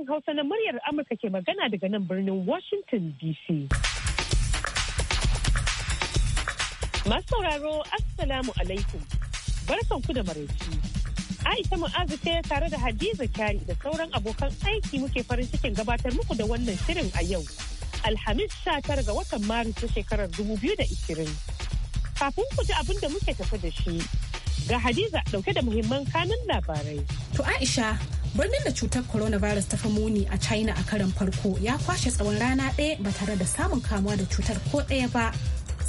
sashen Hausa na muryar Amurka ke magana daga nan birnin Washington DC. Masu sauraro Assalamu alaikum. Barkanku da maraici. Aisha Mu'azu ce tare da Hadiza Kyari da sauran abokan aiki muke farin cikin gabatar muku da wannan shirin a yau. Alhamis sha tara ga watan Maris ta shekarar dubu biyu da 2020. Kafin ku ji abin da muke tafi da shi, ga Hadiza ɗauke da muhimman kanun labarai. To Aisha, birnin da cutar coronavirus ta fi muni a china a karan farko ya kwashe tsawon rana ɗaya ba tare da samun kamuwa da cutar ko ɗaya ba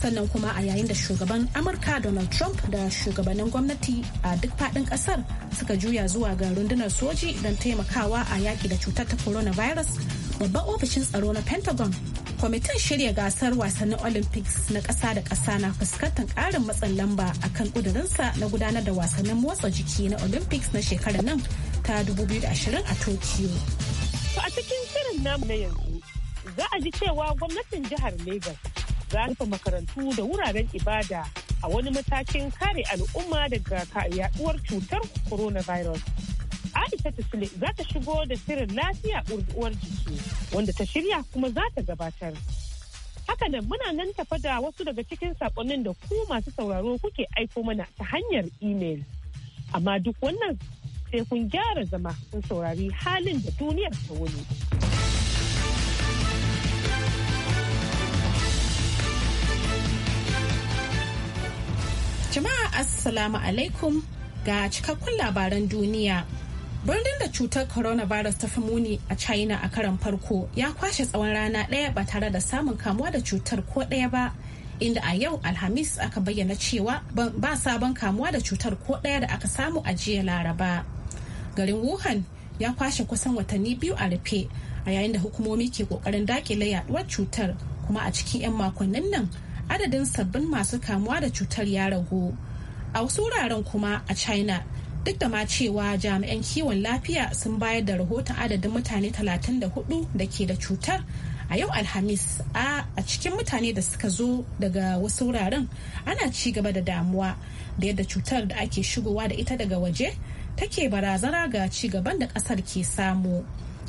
sannan kuma a yayin da shugaban amurka donald trump da shugabannin gwamnati a duk faɗin ƙasar suka juya zuwa ga rundunar soji don taimakawa a yaƙi da cutar ta coronavirus babban ofishin tsaro na pentagon kwamitin shirya gasar wasannin olympics na ƙasa da ƙasa na fuskantar ƙarin matsin lamba akan ƙudurinsa na gudanar da wasannin motsa jiki na olympics na shekarar nan ta 2020 a Tokyo. a cikin shirin namu na yanzu za a ji cewa gwamnatin jihar Legas za rufe makarantu da wuraren ibada a wani matakin kare al'umma daga yaduwar cutar coronavirus. Aisha Sule za ta shigo da shirin lafiya uwar jiki wanda ta shirya kuma za ta gabatar. Haka nan muna nan tafa da wasu daga cikin saƙonnin da ku masu sauraro kuke aiko mana ta hanyar imel. Amma duk wannan sai kun gyara zama kun saurari halin da duniyar ta wuni. Jama'a Assalamu alaikum ga cikakkun labaran duniya. Birnin da cutar coronavirus ta fi muni a China a karan farko ya kwashe tsawon rana ɗaya ba tare da samun kamuwa da cutar ko ɗaya ba. inda a yau alhamis aka bayyana cewa ba sabon kamuwa da cutar ko ɗaya da aka samu a jiya laraba. garin wuhan ya kwashe kusan watanni biyu a rufe a yayin da hukumomi ke kokarin dakile yaduwar cutar kuma a cikin 'yan makonnin nan adadin sabbin masu kamuwa da cutar ya ragu a wasu wuraren kuma a china duk da ma cewa jami'an kiwon lafiya sun bayar da rahoton adadin mutane 34 da ke da cutar a yau alhamis a cikin mutane da suka zo daga wasu wuraren ana ci gaba da damuwa da yadda cutar da ake shigowa da ita daga waje take barazana ga ci gaban da kasar ke samu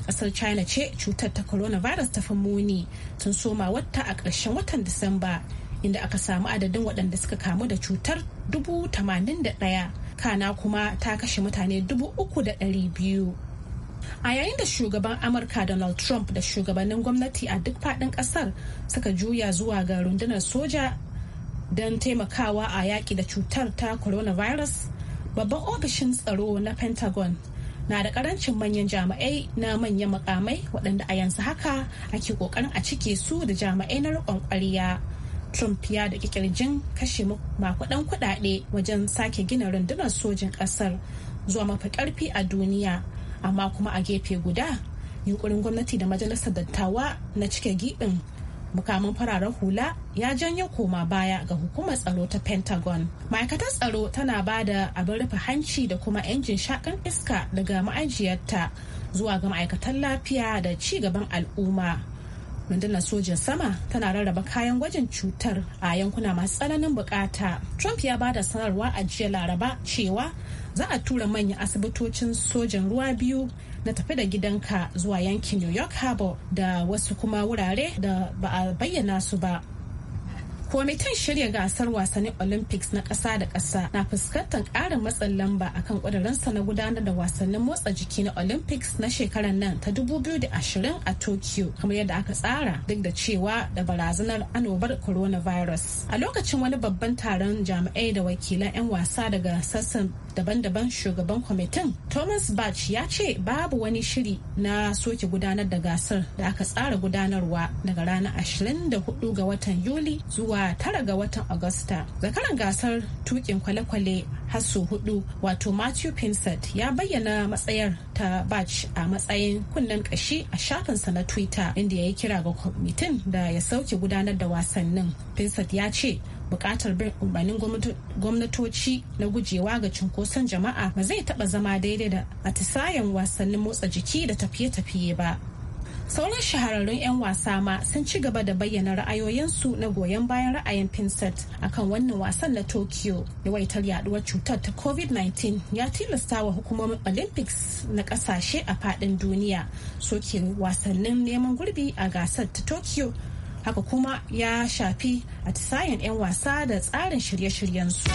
kasar china ce cutar ta coronavirus ta fi muni tun soma wata a ƙarshen watan disamba inda aka samu adadin waɗanda suka kamu da cutar dubu tamanin da ɗaya kana kuma ta kashe mutane dubu uku da ɗari biyu a yayin da shugaban amurka donald trump da shugabannin gwamnati a duk fadin kasar suka juya zuwa ga rundunar soja don taimakawa a yaƙi da cutar ta coronavirus babban ofishin tsaro na pentagon na da karancin manyan jami'ai na manyan makamai waɗanda a yanzu haka ake ƙoƙarin a cike su da jami'ai na riƙon ƙwariya trump ya da kirjin kashe makudan kuɗaɗe wajen sake gina rundunar sojin ƙasar zuwa mafi ƙarfi a duniya amma kuma a gefe guda yunkurin gwamnati da majalisar dattawa na cike giɓin mukamin fararen hula ya janyo koma baya ga hukumar tsaro ta pentagon ma'aikatar tsaro tana ba da abin rufe hanci da kuma injin shakan iska daga ma'ajiyarta zuwa ga ma'aikatan lafiya da ci gaban al'umma rundunar sojin sama tana rarraba kayan gwajin cutar a yankuna masu tsananin bukata trump ya ba da sanarwa a jiya laraba cewa za a tura manyan asibitocin sojan ruwa biyu na tafi da gidanka zuwa yankin new york harbor da wasu kuma wurare da ba a bayyana su ba kwamitin shirya gasar wasannin olympics na ƙasa da ƙasa na fuskantar ƙarin matsin lamba akan ƙudurinsa na gudanar da wasannin motsa jiki na olympics na shekarar nan ta 2020 a tokyo kamar yadda aka tsara duk da cewa da barazanar annobar coronavirus a lokacin wani babban taron jami'ai da wakilan 'yan wasa daga sassan daban-daban shugaban kwamitin thomas bach ya ce babu wani shiri na soke gudanar da gasar da aka tsara gudanarwa daga ranar 24 ga watan yuli zuwa 9 ga watan agusta zakaran gasar tukin kwale-kwale hasso hudu wato matthew pinsett ya bayyana matsayar ta bach a matsayin kunnen kashi a shafinsa na twitter inda ya yi kira ga kwamitin da ya sauke gudanar da wasannin pinsett ya ce bukatar bin umarnin gwamnatoci na gujewa ga cunkoson jama'a ba zai taba zama daidai da atisayen wasannin motsa jiki da tafiye-tafiye ba sauran shahararrun 'yan wasa ma sun ci gaba da bayyana ra'ayoyinsu na goyon bayan ra'ayin pinset akan wannan wasan na tokyo yawaitar yaduwar cutar ta covid-19 ya tilasta wa hukumomin olympics na kasashe a fadin duniya soke wasannin neman gurbi a gasar ta tokyo haka kuma ya shafi atisayen 'yan wasa da tsarin shirye shiryen su.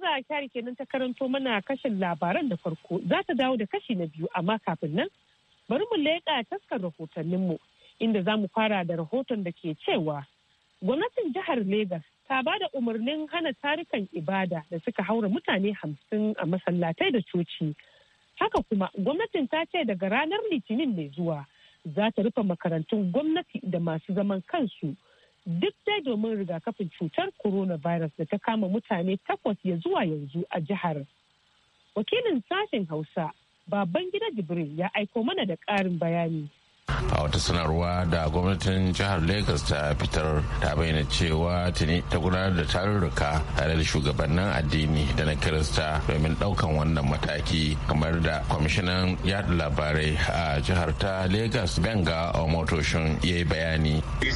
Hadiza Kyari kenan ta karanto mana kashin labaran da farko za ta dawo da kashi na biyu amma kafin nan bari mu leƙa taskar rahotanninmu inda za mu fara da rahoton da ke cewa gwamnatin jihar Legas ta ba da umarnin hana tarikan ibada da suka haura mutane hamsin a masallatai da coci. Haka kuma gwamnatin ta ce daga ranar litinin mai zuwa za ta rufe makarantun gwamnati da masu zaman kansu duk dai domin rigakafin cutar coronavirus da ta kama mutane takwas ya zuwa yanzu a jihar. Wakilin sashen Hausa, baban gida Jibril ya aiko mana da ƙarin bayani. a wata sanarwa da gwamnatin jihar lagos ta fitar ta bayyana cewa tuni ta gudanar da tarurruka tare da shugabannin addini da na kirista domin daukan wannan mataki kamar da kwamishinan yada labarai a jihar ta lagos benga a motoshin ya yi bayani uh,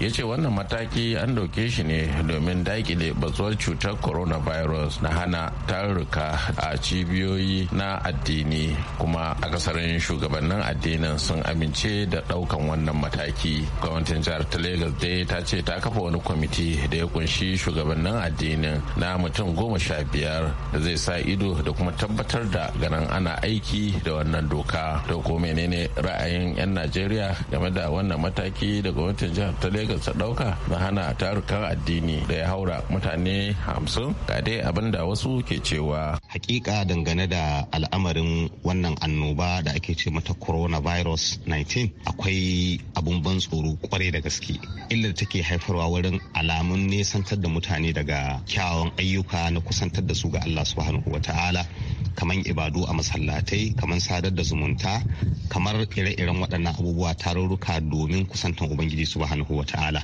ya ce wannan mataki an dauke shi ne domin daƙile bazuwar cutar coronavirus na hana taruka a cibiyoyi na addini kuma a kasarin shugabannin addinin sun amince da daukan wannan mataki gwamnatin jihar ta lagos dai ta ce ta kafa wani kwamiti da ya kunshi shugabannin addinin na mutum goma sha biyar da zai sa ido da kuma tabbatar da ganin ana aiki da wannan doka da ko menene ra'ayin 'yan najeriya game da wannan mataki da gwamnatin jihar ta lagos ta dauka na hana tarukan addini da ya haura mutane mutane hamsin ga dai abin da wasu ke cewa hakika dangane da al'amarin wannan annoba da ake ce mata coronavirus 19 akwai abun ban tsoro kwarai da gaske illar take haifarwa wurin alamun nesantar da mutane daga kyawawan ayyuka na kusantar da su ga Allah subhanahu wa ta'ala kamar ibadu a masallatai kamar sadar da zumunta kamar ire-iren waɗannan abubuwa tarurruka domin kusantar ubangiji subhanahu wa ta'ala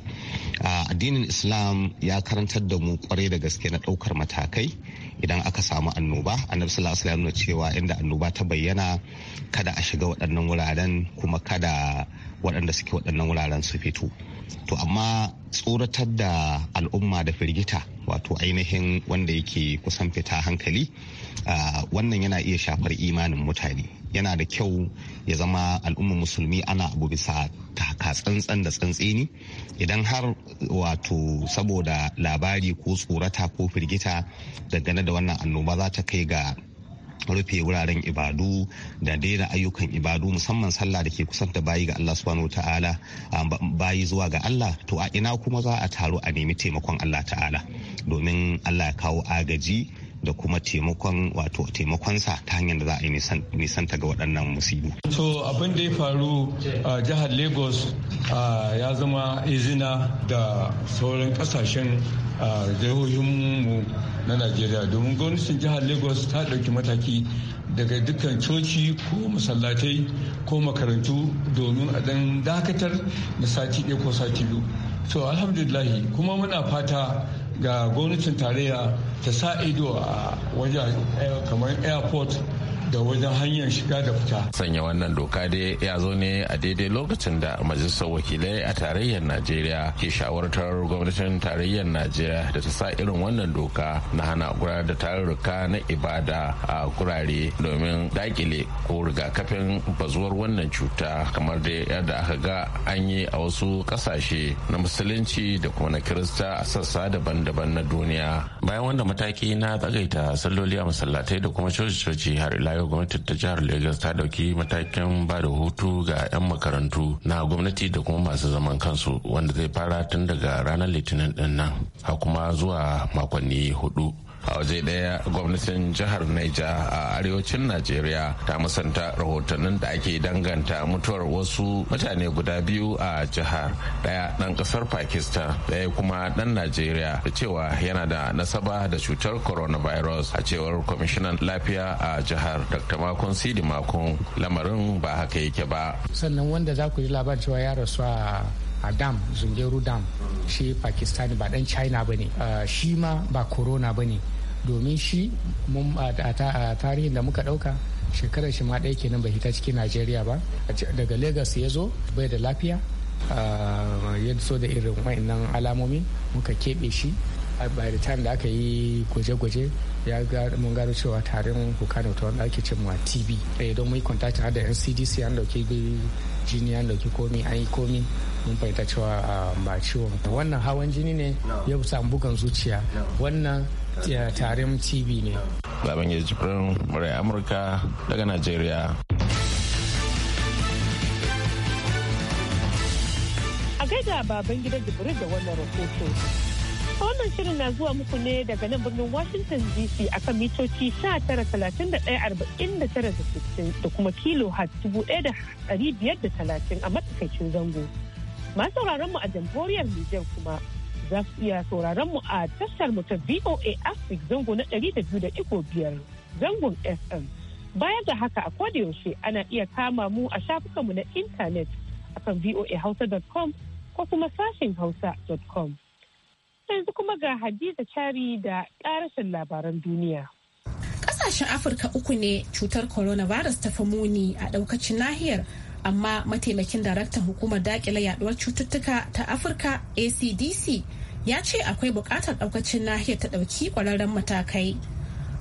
addinin islam ya karantar da mu kwarai da gaske na ɗaukar matakai idan aka samu annoba annabi sallallahu alaihi wasallam cewa inda annoba ta bayyana kada a shiga waɗannan wuraren kuma kada waɗanda suke waɗannan wuraren su fito to amma tsoratar da al'umma da firgita wato ainihin wanda yake kusan fita hankali ah, wannan yana iya shafar imanin mutane yana da kyau ya zama al'ummar musulmi ana abu bisa taka tsantsan da tsantseni idan har wato saboda labari ko tsorata ko firgita dangane da wannan annoba za ta kai ga rufe wuraren ibadu da daina ayyukan ibadu musamman sallah da ke kusanta bayi ga Allah subhanahu ta'ala bayi zuwa ga Allah to a ina kuma za a taru a nemi taimakon Allah ta'ala domin Allah ya kawo agaji da kuma taimakon wato taimakonsa ta hanyar da za a yi nisanta ga waɗannan musibu. so abin da ya faru a jihar lagos ya zama izina da sauran kasashen mu na najeriya domin gwamnatin jihar lagos ta ɗauki mataki daga dukkan coci ko masallatai ko makarantu domin a ɗan dakatar na sati ɗaya ko sati biyu so alhamdulillahi kuma muna fata ga gwamnatin tarayya ta sa ido a wajen eh, kamar airport da wajen hanyar shiga da fita. Sanya wannan doka dai ya zo ne a daidai lokacin da majalisar wakilai a tarayyar Najeriya ke shawartar gwamnatin tarayyar Najeriya da ta sa irin wannan doka na hana gudanar da tarurruka na ibada a gurare domin dakile ko rigakafin bazuwar wannan cuta kamar da yadda aka ga an yi a wasu kasashe na musulunci da kuma na kirista a sassa daban-daban na duniya bayan wanda mataki na tsagaita salloli a masallatai da kuma coci-coci har ila yau gwamnatin ta jihar Legas ta dauki matakin ba da hutu ga 'yan makarantu na gwamnati da kuma masu zaman kansu wanda zai fara tun daga ranar litinin din nan kuma zuwa makonni hudu a waje daya gwamnatin jihar naija a arewacin najeriya ta musanta rahotannin da ake danganta mutuwar wasu mutane guda biyu a jihar daya dan kasar pakistan daya kuma dan najeriya da cewa yana da nasaba da cutar coronavirus a cewar kwamishinan lafiya a jihar dr makon sidi makon lamarin ba haka yake ba sannan wanda za ku ji labarin cewa ya rasu a a dam zungeru dam shi pakistani ba dan china ba ne shi ma ba corona ba ne domin shi a tarihin da muka ɗauka shekarar shi ma ɗaya kenan bai hita cikin najeriya ba daga lagos ya zo bai da lafiya ya so da irin wa'annan alamomi muka keɓe shi by the time da aka yi gwaje-gwaje ya mun gano cewa tarin hukana ta wanda ake cewa tb ɗaya eh, don mun yi contact da ncdc an dauki jini an dauki komi an yi komi mun fahimta cewa ba ciwon wannan hawan jini ne ya samu bugan zuciya wannan tarim tv ne babangida jibrin murai amurka daga najeriya a gaida baban gidan jibrin da wannan rahoto wannan shirin na zuwa muku ne daga nan birnin washington dc kan mitoci 1931 da kuma kilo da talatin a matsakaicin zango masu mu a jamhuriyar nijar kuma za su iya sauraron mu a tashar mu ta VOA Africa zango na 200.5 zangon FM. Baya ga haka a yaushe ana iya kama mu a shafukanmu na intanet akan voahausa.com ko kuma sashen hausa.com. Yanzu kuma ga Hadiza Chari da ƙarashin labaran duniya. Ƙasashen Afirka uku ne cutar coronavirus ta fi muni a ɗaukacin nahiyar amma mataimakin daraktan hukumar dakile yaduwar cututtuka ta afirka acdc ya ce akwai bukatar daukacin nahiyar ta dauki kwararren matakai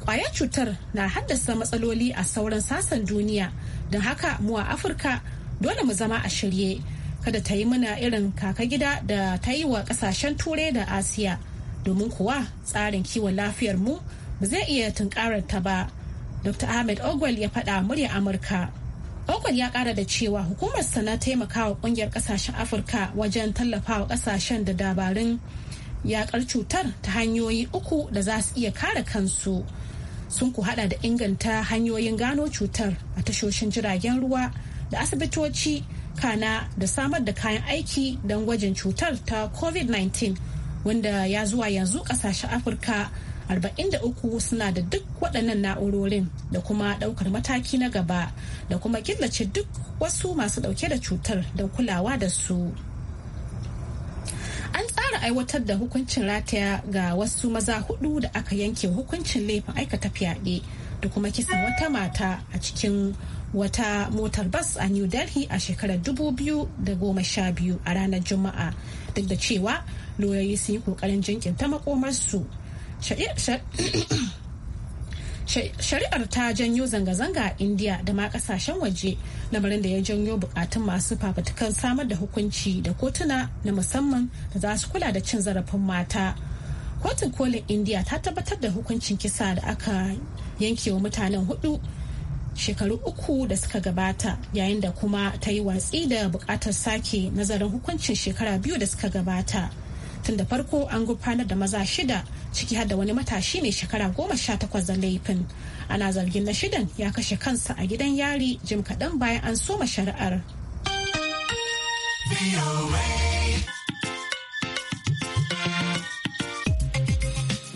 kwayar cutar na haddasa matsaloli a sauran sasan duniya don haka mu a afirka dole mu zama a shirye kada ta yi muna irin kaka gida da ta yi wa kasashen turai da asiya domin kuwa tsarin kiwon lafiyar mu ba zai iya tunkarar ta ba dr ahmed ogwal ya faɗa murya amurka Okwad ya kara da cewa hukumar sana taimakawa kungiyar kasashen Afirka wajen tallafawa kasashen da dabarun yakar cutar ta hanyoyi uku da za su iya kare kansu. Sun ku hada da inganta hanyoyin gano cutar a tashoshin jiragen ruwa da asibitoci kana da samar da kayan aiki don gwajin cutar ta COVID-19 wanda ya zuwa yanzu kasashen Afirka 43 suna da duk waɗannan na'urorin da kuma ɗaukar mataki na gaba da kuma killace duk wasu masu ɗauke da cutar da kulawa da su. An tsara aiwatar da hukuncin rataya ga wasu maza hudu da aka yanke hukuncin laifin aikata fyaɗe da kuma kisan wata mata a cikin wata motar bas a New Delhi a shekarar 2012 a ranar Juma'a duk da cewa loyoyi sun yi kokarin jinkirta makomarsu. su. shari'ar ta janyo zanga-zanga a indiya da ma kasashen waje lamarin da ya janyo bukatun masu fafutukan samar da hukunci da kotuna na musamman da za su kula da cin zarafin mata kotun kolin indiya ta tabbatar da hukuncin kisa da aka yanke wa mutanen hudu shekaru uku da suka gabata yayin da kuma ta yi watsi da bukatar sake nazarin hukuncin shekara biyu da suka gabata tun da farko an gurfanar da maza shida ciki har da wani matashi mai shekara goma sha takwas da laifin ana zargin na shidan ya kashe kansa a gidan yari jim kaɗan bayan an soma shari'ar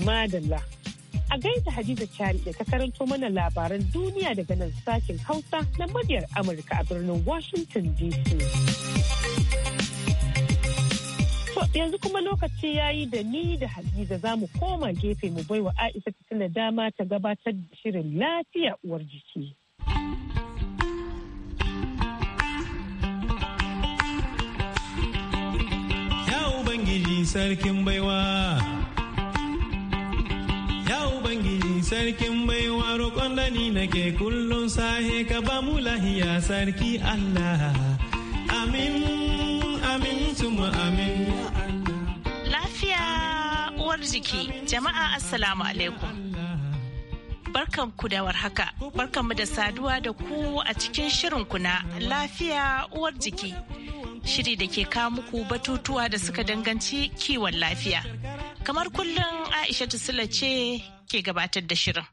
madalla a gaida hadiza cari da ta karanto mana labaran duniya daga nan sakin hausa na muryar amurka a birnin washington dc yanzu kuma lokaci ya yi da ni da hadiza za mu koma gefe mu baiwa aisha tana dama ta gabatar da shirin lafiya uwar jiki ya ubangiji sarkin baiwa ya ubangiji sarkin baiwa roƙon da nake kullum sahe ka ba mu lahiya sarki allah amin amin tuma amin uwar jiki jama'a assalamu alaikum barkan ku da warhaka barkan mu da saduwa da ku a cikin shirin kuna lafiya uwar jiki shiri da ke kawo muku batutuwa da suka danganci kiwon lafiya kamar kullum aisha sula ce ke gabatar da shirin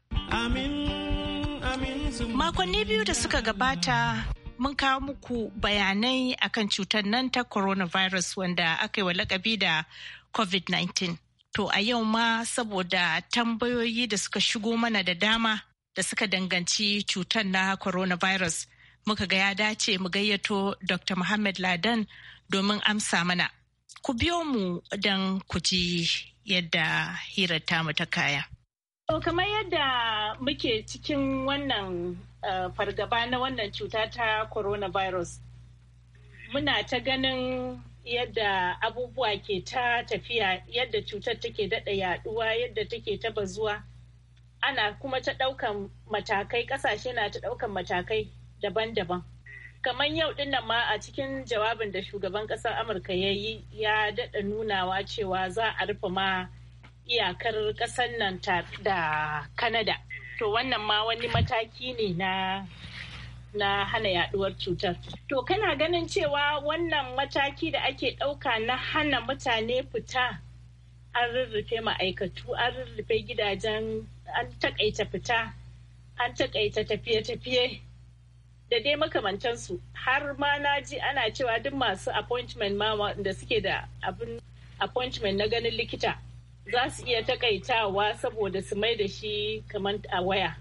makonni biyu da suka gabata mun kawo muku bayanai akan cutar nan ta coronavirus wanda aka yi wa lakabi da covid-19 To a yau ma saboda tambayoyi da suka shigo mana da dama da suka danganci cutar na coronavirus muka ga ya dace mu gayyato Dr. Muhammad Ladan domin amsa mana. Ku biyo mu don ku ji yadda hirar tamu ta kaya. To kamar yadda muke cikin wannan eh, fargaba na wannan cuta ta coronavirus, muna ta ganin yadda abubuwa ke ta tafiya yadda cutar take daɗa yaɗuwa yadda take ta bazuwa ana kuma ta ɗaukan matakai ƙasashe na ta ɗaukan matakai daban-daban kamar yau ɗin nan ma a cikin jawabin da shugaban ƙasar amurka ya yi ya daɗa nunawa cewa za a rufe ma iyakar ƙasar nan da kanada to wannan ma wani mataki ne na na hana yaduwar cutar. To kana ganin cewa wannan mataki da ake ɗauka na hana mutane fita an rurrufe ma'aikatu, an rurrufe gidajen, an takaita fita, an takaita tafiye-tafiye da dai makamantansu. Har ma na ji ana cewa duk masu appointment ma da suke da abin appointment na ganin likita za su iya takaitawa saboda su mai da shi kamar a waya.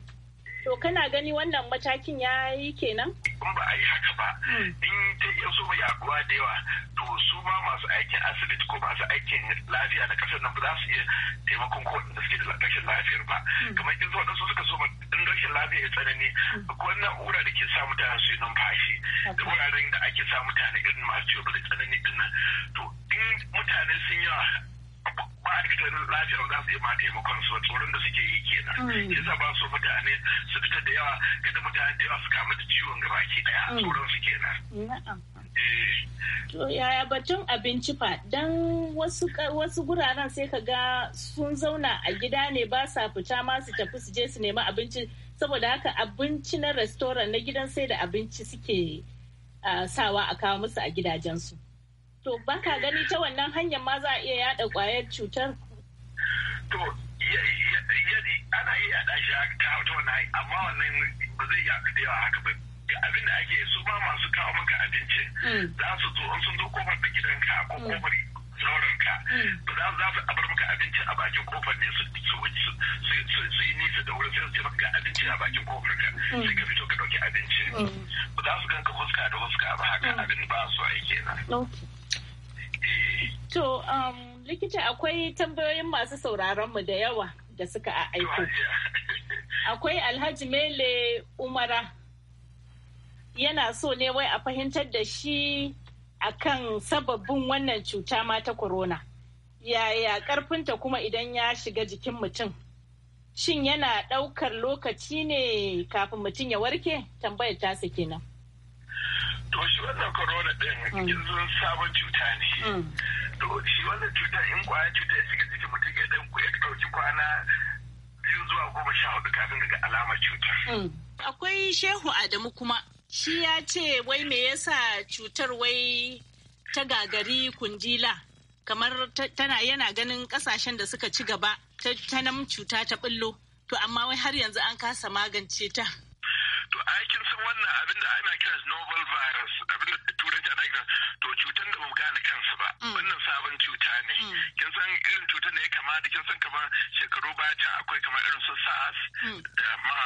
To kana gani wannan matakin ya yi kenan? Kun ba a yi haka ba. Hmm. In ta iya so mai yaguwa da yawa to su ma masu aikin asibiti ko masu aikin lafiya na kasar nan ba za su iya taimakon ko da suke da rashin lafiyar ba. Hmm. Kamar in zuwa su suka so in rashin lafiya ya tsanani hmm. akwai na'ura da ke sa mutane su yi numfashi da wuraren da ake sa mutane irin masu ciwo da tsanani dinnan. To in mutane sun yawa ba a cikin lafiyar za su yi ma taimakon su tsoron da suke yi kenan mm. yasa ba su mutane su fita da yawa kada mutane da yawa su kama da ciwon gaba ke daya mm. tsoron su kenan eh. To yaya batun abinci fa dan wasu wasu guraren sai ka ga sun zauna a gida ne ba sa fita ma su tafi su je su nemi abinci saboda haka abinci na restoran na gidan sai da abinci suke ah, sawa a kawo musu a gidajensu. to baka gani ta wannan hanyar ma za a iya yada kwayar cutar to ana iya yada shi ta wata wannan amma wannan ba zai yadu da yawa haka ba abin da ake su ma masu kawo maka abinci mm. za su zo in sun zo kofar da gidanka ko kofar mm. sauranka mm. ba za su zafi abar maka abinci a bakin kofar ne su yi nisa da wurin sai su ce maka abinci a bakin kofar ka sai ka fito ka dauki abinci ba za su ganka huska da huska ba haka abin ba su aiki na. To, um, likita akwai tambayoyin masu sauraronmu da yawa da suka aiko. Akwai Alhaji Mele Umara yana so ne wai a fahimtar da shi a kan sababbin wannan cuta ma ta corona. Yaya karfinta kuma idan ya shiga jikin mutum? Shin yana ɗaukar lokaci ne kafin mutum ya warke? Tambayar tasa kenan. to shi wannan corona din yanzu mm. sabon cuta ne mm. to shi wannan cuta in kwaya cuta ya shiga jikin mutum ya dan ya dauki kwana biyu zuwa goma sha hudu kafin ga alama cuta. Mm. akwai shehu adamu kuma shi ya ce wai me yasa cutar wai ta gagari kundila kamar tana yana ganin kasashen da suka ci gaba ta nan cuta ta billo to amma wai har yanzu an kasa magance ta to aikin kin san wannan abin da ana kira novel virus abin da turanci ana kira to cutan da ba gane kansu ba mm. wannan sabon cuta ne mm. kin san irin cutar da ya kama da kin san kamar shekaru baya akwai kamar irin su SARS mm. da ma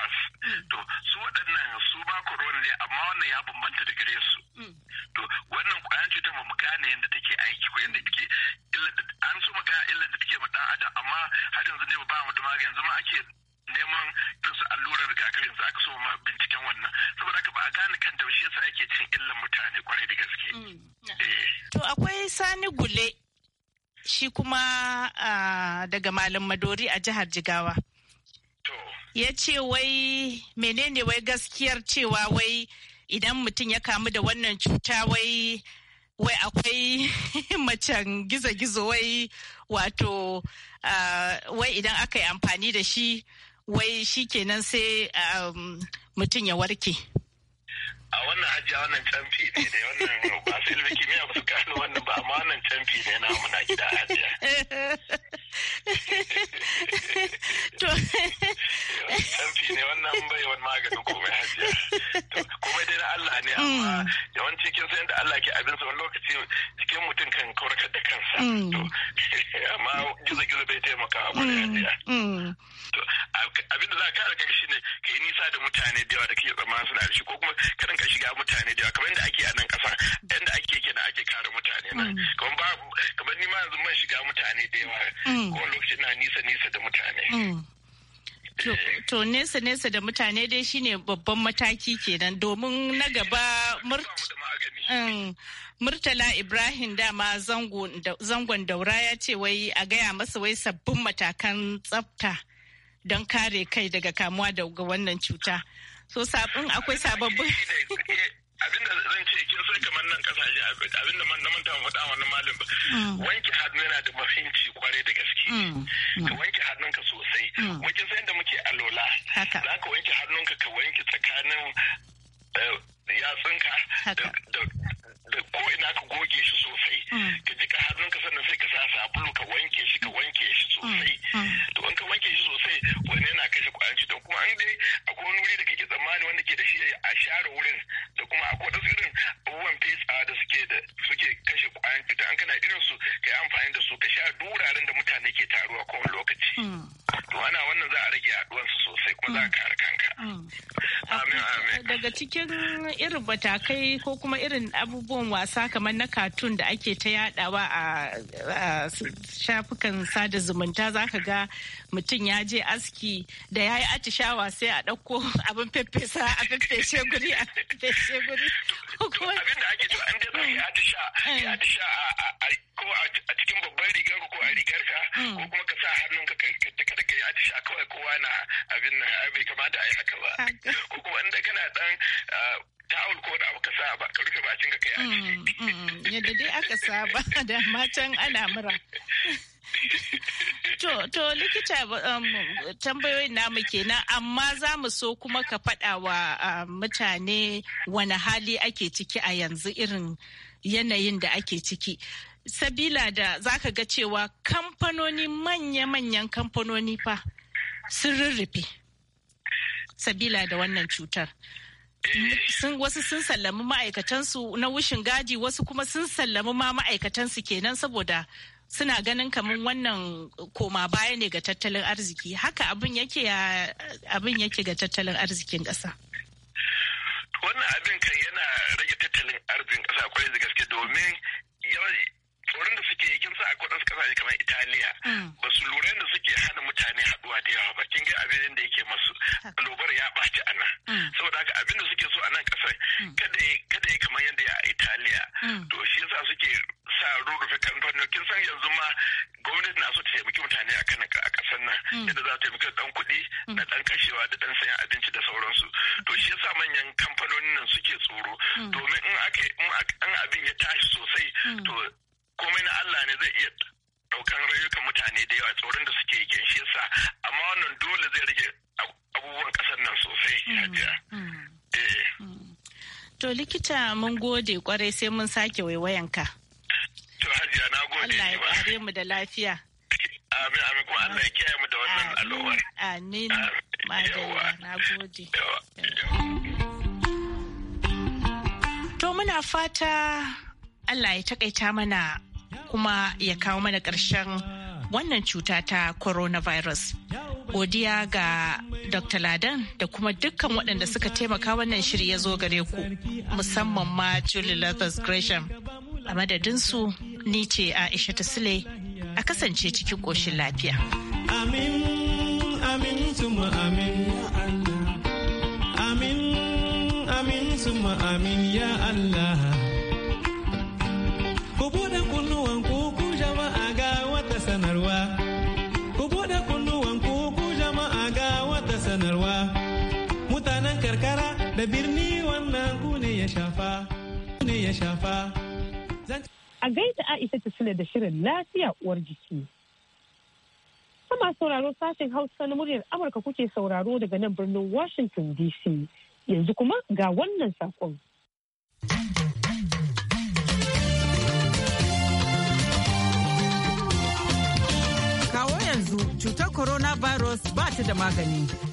daga Malam Madori a jihar Jigawa. Ya ce wai menene wai gaskiyar cewa wai idan mutum ya kamu da wannan cuta wai wai akwai macen gizo-gizo wai wato wai idan aka yi amfani da shi wai shi kenan sai um, mutum ya warke. a wannan hajji a wannan canfi ne da wannan ba silbi kimiyya ba su gano wannan ba amma wannan canfi ne na muna gida hajiya nesa da mutane dai shine babban mataki kenan domin na gaba mm, murtala ibrahim dama zangon daura ya ce wai a gaya masa wai sabbin matakan tsafta don kare kai daga kamuwa daga wannan cuta so sabbin akwai sababbin abinda zan ce kin sai kamar nan kasashe abinda man na manta faɗa wannan malam mm. wanke hannu yana da mahimmanci kwarai da gaske mm. wanke okay. matakai ko kuma irin abubuwan wasa kamar na katun da ake ta yadawa a shafukan sada zumunta za ka ga mutum ya je aski da ya yi atishawa sai a ɗauko abin feffesa a feffeshe guri a feffeshe guri. Abin ake cewa an da zai atisha ko a cikin babban rigar ko a rigar ka mm. ko kuma ka sa hannun ka kada ka yi atisha kawai kowa na abin nan bai kamata a yi haka ba. Ko kuma inda kana dan ah, aka saba ka mm, mm, mm. yadda dai aka saba da matan ana mura to, likita um, tambayoyin namu kenan amma za mu so kuma ka faɗa wa um, mutane wani hali ake ciki a yanzu irin yanayin da ake ciki sabila da za ka ga cewa kamfanoni manya-manyan kamfanoni fa sun rurrufe sabila da wannan cutar sun wasu sun sallami ma'aikatansu na wushin gadi wasu kuma sun sallami ma ma'aikatansu kenan saboda suna ganin kamar wannan koma baya ne ga tattalin arziki haka abin yake ya abin yake ga tattalin arzikin ƙasa. wannan abin kan yana rage tattalin arzikin ƙasa kwarai da gaske domin tsoron da suke kin sa akwai wasu kasashe kamar Italiya mm. ba su lura da suke hana mutane haduwa da yawa ba kin ga abin da yake masu lobar ya ɓaci a nan mm. saboda haka abin da suke so a nan kasar kada mm. kada ya kamar yadda ya a Italiya to shi yasa suke sa rurrufe kamfanin kin san yanzu ma gwamnati na so ta taimaki mutane a kan a kasar nan yadda za ta taimaki ɗan kuɗi da dan kashewa da ɗan sayan abinci da sauransu to shi yasa manyan kamfanonin nan suke tsoro domin in aka in abin ya tashi sosai to komai na Allah ne zai iya daukan rayukan mutane da yawa tsoron da suke yake shi yasa amma wannan dole zai rage abubuwan kasar nan sosai mm, hajiya mm. Eh. Mm. to likita mun gode kwarai sai mun sake ka to hajiya na gode Allah ya kare mu da lafiya amin amin kuma Allah ya kiyaye mu da wannan alowar amin madalla na gode to muna fata Allah ya takaita mana kuma ya kawo mana ƙarshen wannan cuta ta coronavirus. Godiya ga Dr. Ladan da kuma dukkan waɗanda suka taimaka wannan shiri ya zo gare ku musamman ma Julie Lathers Gresham. A madadinsu ni ce Aisha Sule a kasance cikin ƙoshin lafiya. Amin, amin, tuma amin, Allah. amin, amin, tuma amin, ya Allah. Ku buɗe kunnuwan ku ku jama'a ga wata sanarwa. Ku buɗe kunnuwan ku jama'a ga wata sanarwa. Mutanen karkara da birni wannan ku ne ya shafa. Ne ya shafa. A gaida Aisha ta da shirin lafiya uwar jiki. Sama sauraro sashen Hausa na muryar Amurka kuke sauraro daga nan birnin Washington DC. Yanzu kuma ga wannan saƙon. yanzu cutar coronavirus ba ta da magani